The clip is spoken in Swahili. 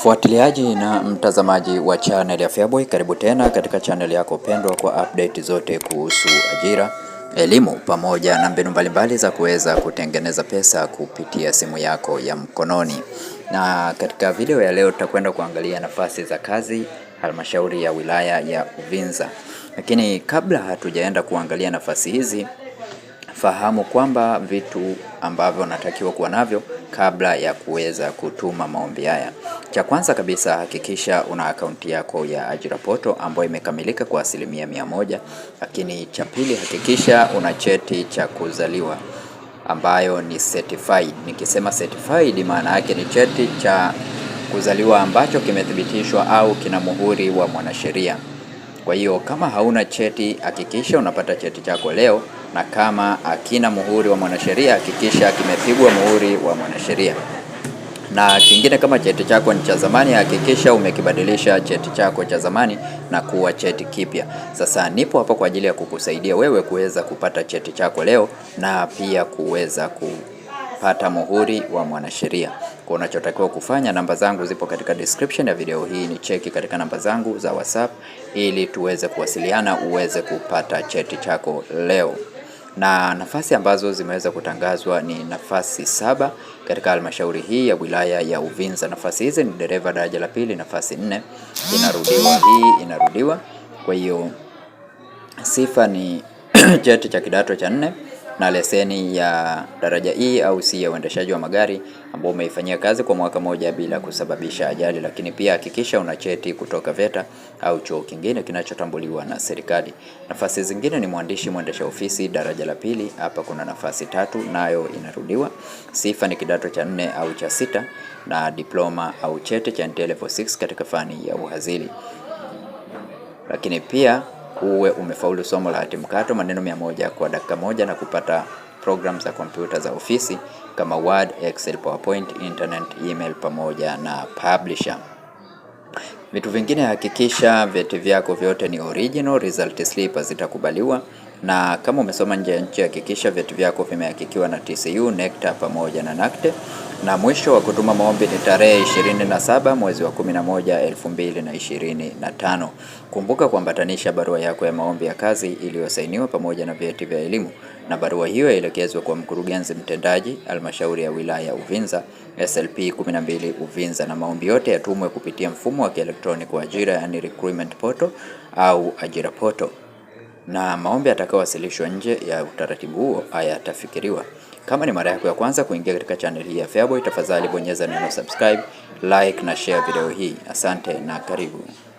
Mfuatiliaji na mtazamaji wa channel ya Feaboy, karibu tena katika channel yako pendwa kwa update zote kuhusu ajira, elimu pamoja na mbinu mbalimbali za kuweza kutengeneza pesa kupitia simu yako ya mkononi. Na katika video ya leo tutakwenda kuangalia nafasi za kazi halmashauri ya wilaya ya Uvinza. Lakini kabla hatujaenda kuangalia nafasi hizi, fahamu kwamba vitu ambavyo unatakiwa kuwa navyo kabla ya kuweza kutuma maombi haya. Cha kwanza kabisa hakikisha una akaunti yako ya ajira poto ambayo imekamilika kwa asilimia mia moja. Lakini cha pili hakikisha una cheti cha kuzaliwa ambayo ni certified. Nikisema certified, maana yake ni cheti cha kuzaliwa ambacho kimethibitishwa au kina muhuri wa mwanasheria. Kwa hiyo kama hauna cheti hakikisha unapata cheti chako leo, na kama akina muhuri wa mwanasheria hakikisha kimepigwa muhuri wa mwanasheria. Na kingine kama cheti chako ni cha zamani, hakikisha umekibadilisha cheti chako cha zamani na kuwa cheti kipya. Sasa nipo hapa kwa ajili ya kukusaidia wewe kuweza kupata cheti chako leo na pia kuweza ku pata muhuri wa mwanasheria. Kwa unachotakiwa kufanya, namba zangu zipo katika description ya video hii, ni cheki katika namba zangu za WhatsApp ili tuweze kuwasiliana, uweze kupata cheti chako leo na nafasi ambazo zimeweza kutangazwa ni nafasi saba katika halmashauri hii ya wilaya ya Uvinza. Nafasi hizi ni dereva daraja la pili, nafasi nne inarudiwa, hii inarudiwa. Kwa hiyo sifa ni cheti cha kidato cha nne na leseni ya daraja E au C ya uendeshaji wa magari ambao umeifanyia kazi kwa mwaka moja bila kusababisha ajali, lakini pia hakikisha una cheti kutoka VETA au chuo kingine kinachotambuliwa na serikali. Nafasi zingine ni mwandishi mwendesha ofisi daraja la pili, hapa kuna nafasi tatu nayo inarudiwa. Sifa ni kidato cha nne au cha sita na diploma au cheti cha NTA level 6 katika fani ya uhazili, lakini pia uwe umefaulu somo la hati mkato maneno mia moja kwa dakika moja na kupata program za kompyuta za ofisi kama Word, Excel, PowerPoint, Internet, email pamoja na Publisher. Vitu vingine, hakikisha vyeti vyako vyote ni original, result slip zitakubaliwa na kama umesoma nje ya nchi, hakikisha vyeti vyako vimehakikiwa na TCU, NECTA pamoja na NACTE. Na mwisho wa kutuma maombi ni tarehe 27 mwezi wa 11 2025. Kumbuka kuambatanisha barua yako ya maombi ya kazi iliyosainiwa pamoja na vyeti vya elimu, na barua hiyo yaelekezwe kwa mkurugenzi mtendaji halmashauri ya wilaya ya Uvinza SLP 12 Uvinza, na maombi yote yatumwe kupitia mfumo wa kielektroniki wa ajira, yani recruitment portal au ajira portal na maombi yatakayowasilishwa nje ya utaratibu huo hayatafikiriwa. Kama ni mara yako ya kwanza kuingia katika channel hii ya Feaboy, tafadhali bonyeza neno subscribe, like na share video hii. Asante na karibu.